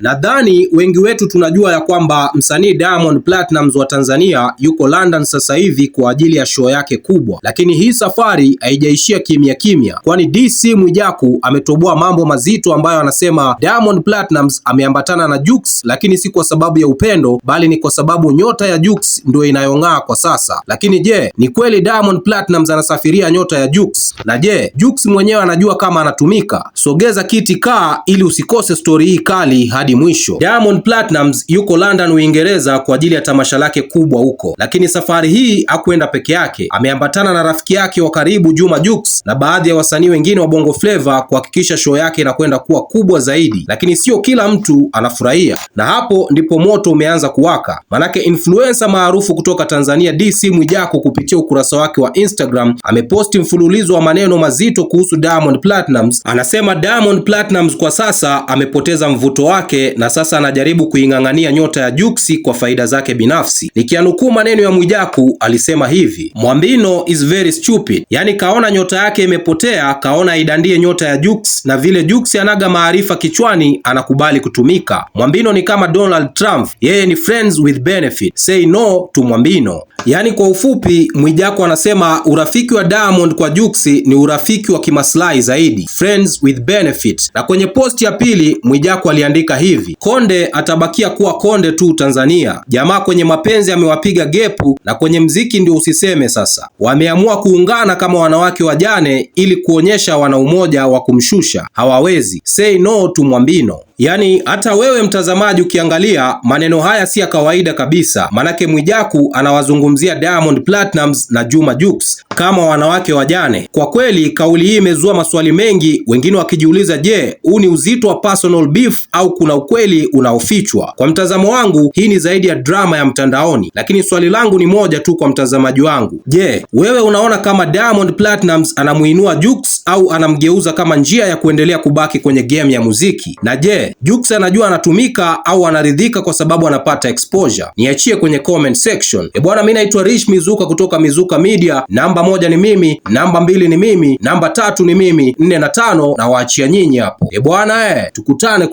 Nadhani wengi wetu tunajua ya kwamba msanii Diamond Platnumz wa Tanzania yuko London sasa hivi kwa ajili ya show yake kubwa, lakini hii safari haijaishia kimya kimya, kwani DC Mwijaku ametoboa mambo mazito ambayo anasema Diamond Platnumz ameambatana na Jux, lakini si kwa sababu ya upendo, bali ni kwa sababu nyota ya Jux ndio inayong'aa kwa sasa. Lakini je, ni kweli Diamond Platnumz anasafiria nyota ya Jux? Na je, Jux mwenyewe anajua kama anatumika? Sogeza kiti kaa ili usikose stori hii kali hadi hadi mwisho. Diamond Platnumz yuko London, Uingereza kwa ajili ya tamasha lake kubwa huko, lakini safari hii hakuenda peke yake, ameambatana na rafiki yake wa karibu Juma Jux na baadhi ya wasanii wengine wa Bongo Flava kuhakikisha show yake inakwenda kuwa kubwa zaidi, lakini sio kila mtu anafurahia, na hapo ndipo moto umeanza kuwaka. Manake influencer maarufu kutoka Tanzania DC Mwijako kupitia ukurasa wake wa Instagram ameposti mfululizo wa maneno mazito kuhusu Diamond Platnumz. Anasema Diamond Platnumz kwa sasa amepoteza mvuto wake yake na sasa anajaribu kuing'ang'ania nyota ya Juksi kwa faida zake binafsi. Nikianukuu maneno ya Mwijaku alisema hivi, Mwambino is very stupid, yaani kaona nyota yake imepotea, kaona aidandie nyota ya Juksi, na vile Juksi anaga maarifa kichwani, anakubali kutumika. Mwambino ni kama Donald Trump, yeye ni friends with benefit, say no to Mwambino. Yaani kwa ufupi, Mwijaku anasema urafiki wa Diamond kwa Juksi ni urafiki wa kimaslahi zaidi, friends with benefit. Na kwenye posti ya pili Mwijaku aliandika hivi hivi, Konde atabakia kuwa Konde tu Tanzania. Jamaa kwenye mapenzi amewapiga gepu, na kwenye mziki ndio usiseme. Sasa wameamua kuungana kama wanawake wajane, ili kuonyesha wana umoja wa kumshusha. Hawawezi say no to Mwambino. Yaani hata wewe mtazamaji ukiangalia maneno haya si ya kawaida kabisa, manake Mwijaku anawazungumzia Diamond Platnumz na Juma Jux kama wanawake wajane. Kwa kweli kauli hii imezua maswali mengi, wengine wakijiuliza, je, huu ni uzito wa personal beef au kuna ukweli unaofichwa? Kwa mtazamo wangu, hii ni zaidi ya drama ya mtandaoni, lakini swali langu ni moja tu kwa mtazamaji wangu, je, wewe unaona kama Diamond Platnumz anamuinua Jux au anamgeuza kama njia ya kuendelea kubaki kwenye game ya muziki? Na je Jux anajua anatumika au anaridhika kwa sababu anapata exposure? Niachie kwenye comment section. E bwana, mimi naitwa Rich Mizuka kutoka Mizuka Media. Namba moja ni mimi, namba mbili ni mimi, namba tatu ni mimi, nne na tano nawaachia nyinyi hapo. E bwana, eh, tukutane kwenye